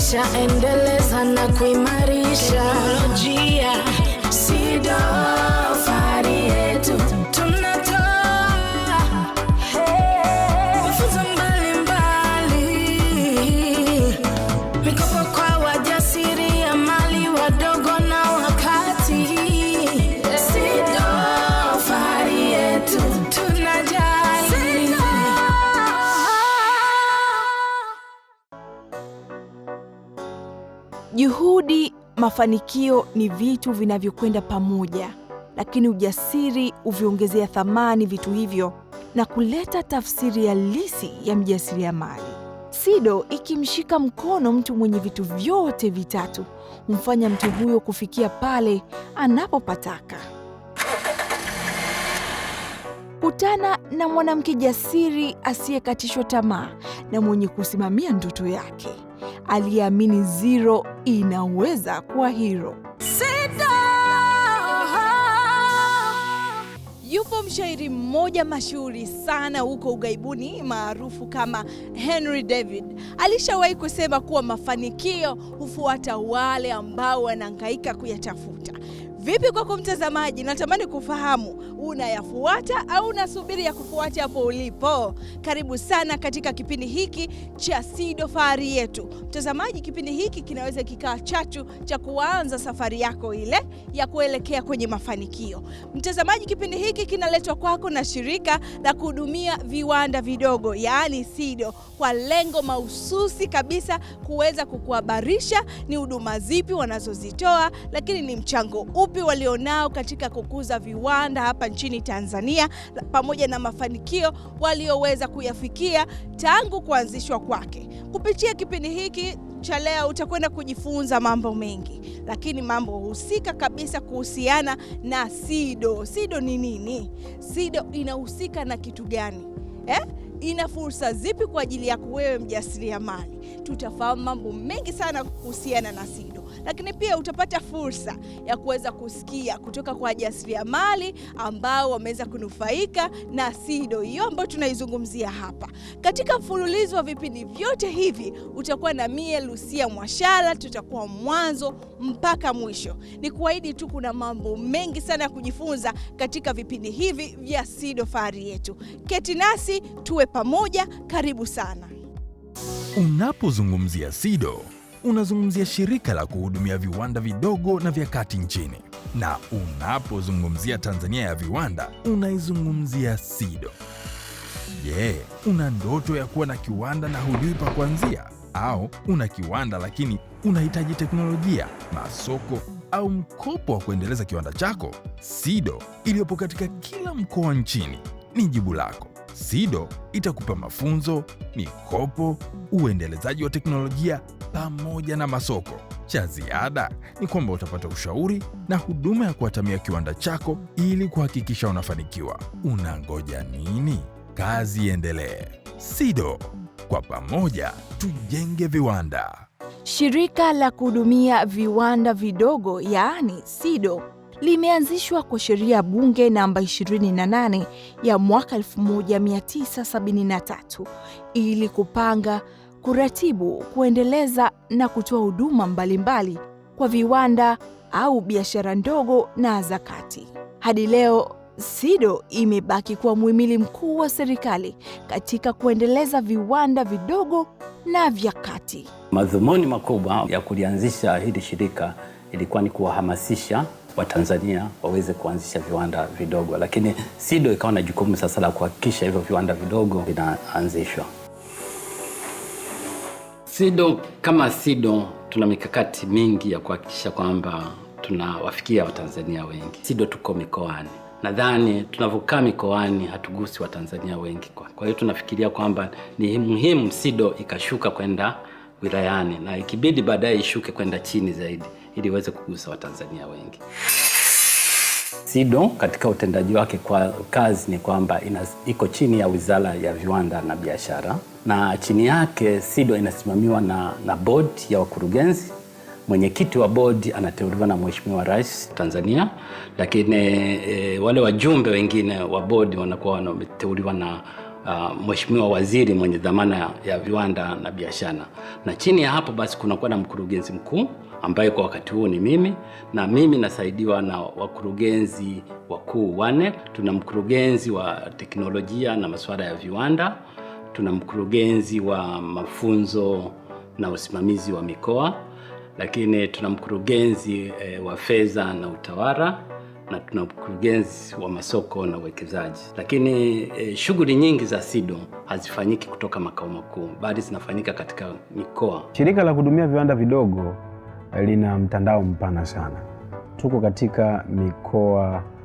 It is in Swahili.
maisha, endeleza na kuimarisha teknolojia SIDO Juhudi, mafanikio ni vitu vinavyokwenda pamoja, lakini ujasiri huviongezea thamani vitu hivyo na kuleta tafsiri halisi ya mjasiriamali. Sido ikimshika mkono mtu mwenye vitu vyote vitatu humfanya mtu huyo kufikia pale anapopataka. Kutana na mwanamke jasiri asiyekatishwa tamaa na mwenye kusimamia ndoto yake, aliyeamini zero inaweza kuwa hero. Yupo mshairi mmoja mashuhuri sana huko ughaibuni maarufu kama Henry David. Alishawahi kusema kuwa mafanikio hufuata wale ambao wanahangaika kuyatafuta. Vipi kwako mtazamaji, natamani kufahamu unayafuata au unasubiri ya kufuata hapo ulipo? Karibu sana katika kipindi hiki cha SIDO Fahari Yetu. Mtazamaji, kipindi hiki kinaweza kikawa chachu cha kuanza safari yako ile ya kuelekea kwenye mafanikio. Mtazamaji, kipindi hiki kinaletwa kwako na shirika la kuhudumia viwanda vidogo, yaani SIDO, kwa lengo mahususi kabisa kuweza kukuhabarisha ni huduma zipi wanazozitoa, lakini ni mchango upi ufupi walionao katika kukuza viwanda hapa nchini Tanzania pamoja na mafanikio walioweza kuyafikia tangu kuanzishwa kwake. Kupitia kipindi hiki cha leo utakwenda kujifunza mambo mengi, lakini mambo husika kabisa kuhusiana na SIDO. SIDO ni nini? SIDO inahusika na kitu gani eh? Ina fursa zipi kwa ajili yako wewe mjasiriamali? Tutafahamu mambo mengi sana kuhusiana na SIDO lakini pia utapata fursa ya kuweza kusikia kutoka kwa wajasiriamali ambao wameweza kunufaika na SIDO hiyo ambayo tunaizungumzia hapa. Katika mfululizo wa vipindi vyote hivi utakuwa na mie Lucia Mwashala, tutakuwa mwanzo mpaka mwisho. Ni kuahidi tu kuna mambo mengi sana ya kujifunza katika vipindi hivi vya SIDO Fahari Yetu. Keti nasi tuwe pamoja, karibu sana. Unapozungumzia SIDO unazungumzia shirika la kuhudumia viwanda vidogo na vya kati nchini, na unapozungumzia Tanzania ya viwanda unaizungumzia SIDO. Je, yeah, una ndoto ya kuwa na kiwanda na hujui pa kuanzia, au una kiwanda lakini unahitaji teknolojia, masoko au mkopo wa kuendeleza kiwanda chako? SIDO iliyopo katika kila mkoa nchini ni jibu lako. SIDO itakupa mafunzo, mikopo, uendelezaji wa teknolojia pamoja na masoko. Cha ziada ni kwamba utapata ushauri na huduma ya kuhatamia kiwanda chako ili kuhakikisha unafanikiwa. Unangoja nini? Kazi iendelee. SIDO, kwa pamoja tujenge viwanda. Shirika la kuhudumia viwanda vidogo yaani SIDO limeanzishwa kwa sheria ya bunge namba 28 ya mwaka 1973 ili kupanga kuratibu, kuendeleza na kutoa huduma mbalimbali kwa viwanda au biashara ndogo na za kati. Hadi leo SIDO imebaki kuwa muhimili mkuu wa serikali katika kuendeleza viwanda vidogo na vya kati. Madhumuni makubwa ya kulianzisha hili shirika ilikuwa ni kuwahamasisha Watanzania waweze kuanzisha viwanda vidogo, lakini SIDO ikawa na jukumu sasa la kuhakikisha hivyo viwanda vidogo vinaanzishwa. SIDO kama SIDO tuna mikakati mingi ya kuhakikisha kwamba tunawafikia Watanzania wengi. SIDO tuko mikoani, nadhani tunavyokaa mikoani hatugusi Watanzania wengi kwa. Kwa hiyo tunafikiria kwamba ni muhimu SIDO ikashuka kwenda wilayani na ikibidi baadaye ishuke kwenda chini zaidi ili iweze kugusa Watanzania wengi. SIDO katika utendaji wake kwa kazi ni kwamba iko chini ya Wizara ya Viwanda na Biashara, na chini yake SIDO inasimamiwa na, na bodi ya wakurugenzi. Mwenyekiti wa bodi anateuliwa na Mheshimiwa Rais Tanzania, lakini e, wale wajumbe wengine wa bodi wanakuwa wanateuliwa na uh, mheshimiwa waziri mwenye dhamana ya viwanda na biashara, na chini ya hapo basi kunakuwa na mkurugenzi mkuu ambaye kwa wakati huu ni mimi, na mimi nasaidiwa na wakurugenzi wakuu wane. Tuna mkurugenzi wa teknolojia na masuala ya viwanda, tuna mkurugenzi wa mafunzo na usimamizi wa mikoa, lakini tuna mkurugenzi eh, wa fedha na utawala na tuna mkurugenzi wa masoko na uwekezaji, lakini e, shughuli nyingi za SIDO hazifanyiki kutoka makao makuu, bali zinafanyika katika mikoa. Shirika la kuhudumia viwanda vidogo eh, lina mtandao mpana sana, tuko katika mikoa